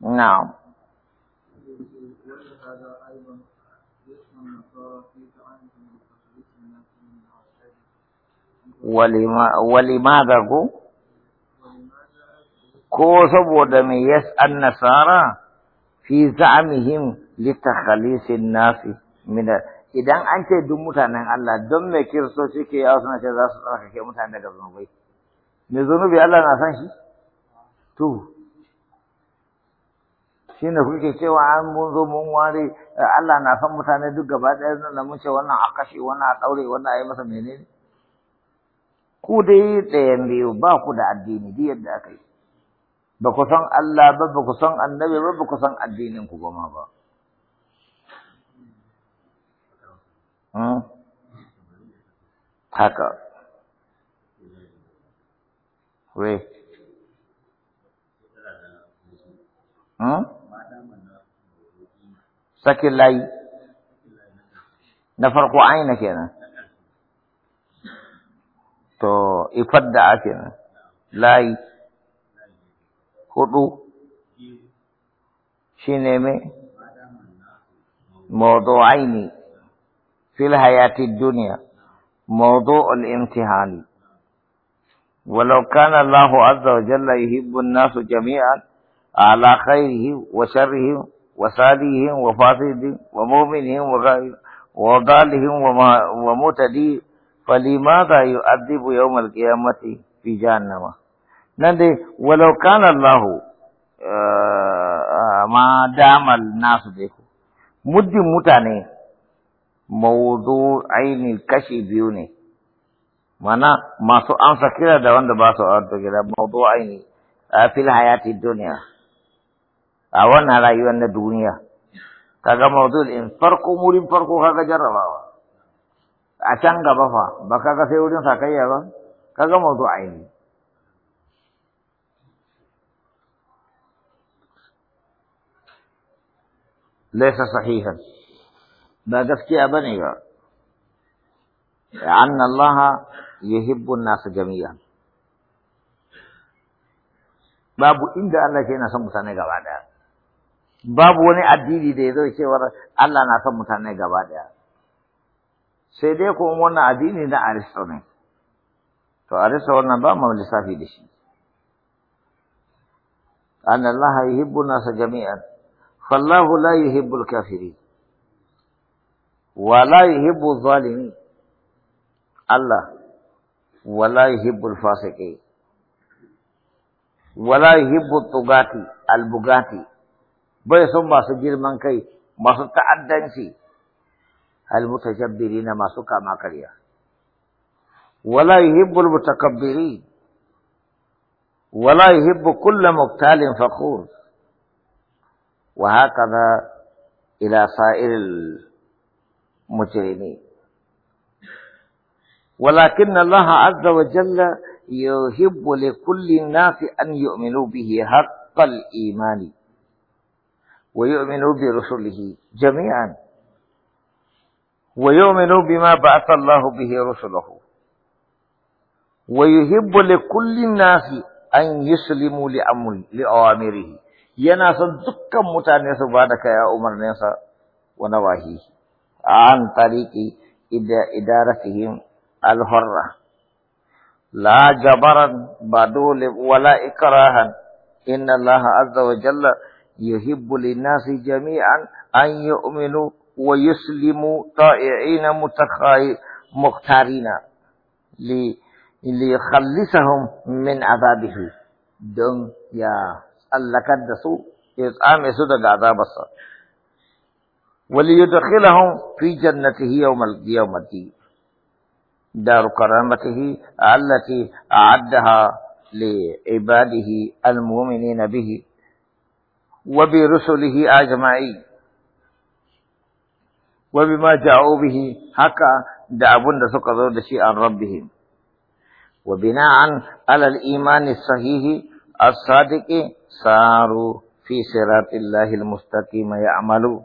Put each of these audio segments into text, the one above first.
نعم ولما ولماذا قو ko saboda me yas'an nasara fi za'amihim li takhalisin nasi idan an ce duk mutanen Allah don me kirso ke yawa suna ce za su tsarkake mutane daga zunubai me zunubi Allah na san shi su shi ne kuke cewa an mun zo mun ware Allah na san mutane duk gaba ɗaya nan da mun ce wannan a kashe wannan a ɗaure wannan a yi masa menene ku dai ɗayan biyu ba ku da addini duk yadda aka yi ba ku san Allah ba ba ku san annabi ba ba ku san addinin ku goma ba hmm? haka wai Hmm? sakillai na farko aina kenan to ifadda kenan lai hudu shine me mawdu aini fil hayati dunya mawdu al imtihani walau kana allah azza wa jalla yuhibbu an-nas على خيره وشره وصالحه وفاسد ومؤمنه وضاله ومتدي فلماذا يؤدب يوم القيامة في جهنم نندي ولو كان الله ما دام الناس ديكو مد متاني موضوع عين الكشي بيوني mana masu amsa kira da wanda ba su amsa kira mawdu'ai ne a fil hayati duniya a ah, wannan rayuwar na duniya kaga in farko murin farko kaga jarrabawa a can gaba fa ba kaga sai wurin sakayya ba kaga mawdu'ai ne laysa sahihan ba gaskiya bane ba anna Allah yuhibbu an-nas jami'an babu inda Allah ke yana son mutane gaba daya babu wani addini da ya zo cewar Allah na son mutane gaba daya sai dai kuma wannan addini na Aristo ne to Aristo wannan ba mu lissafi da shi an Allah yuhibbu nasa jami'an fallahu la yuhibbu al kafiri wa la yuhibbu zalimi. Allah wa la yuhibbu al fasiqi wa la yuhibbu at-tugati al-bugati بسم ماسو من كي ما ماسو تعدن سي المتجبرين ماسو ما كريا ولا يهب المتكبرين ولا يهب كل مقتال فخور وهكذا إلى سائر المجرمين ولكن الله عز وجل يحب لكل الناس أن يؤمنوا به حق الإيمان ويؤمن برسله جميعا ويؤمن بما بعث الله به رسله ويحب لكل الناس أن يسلموا لأمر لأوامره ينا صدق متانسة بعدك يا عمر نيسا ونواهيه عن طريق إدارتهم الحرة لا جبرا بدول ولا إكراها إن الله عز وجل يهب للناس جميعا أن يؤمنوا ويسلموا طائعين مختارين ليخلصهم من عذابه دون يا الله كدسوا يطعم سدد عذاب الصدر وليدخلهم في جنته يوم يوم الدين دار كرامته التي أعدها لعباده المؤمنين به وبرسله أجمعين وبما جاءوا به هكا دعبون سكذو دشي عن ربهم وبناء على الإيمان الصحيح الصادق صاروا في صراط الله المستقيم يعملوا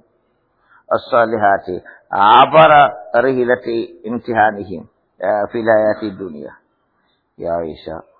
الصالحات عبر رحلة امتحانهم آه، في الحياة الدنيا يا عيسى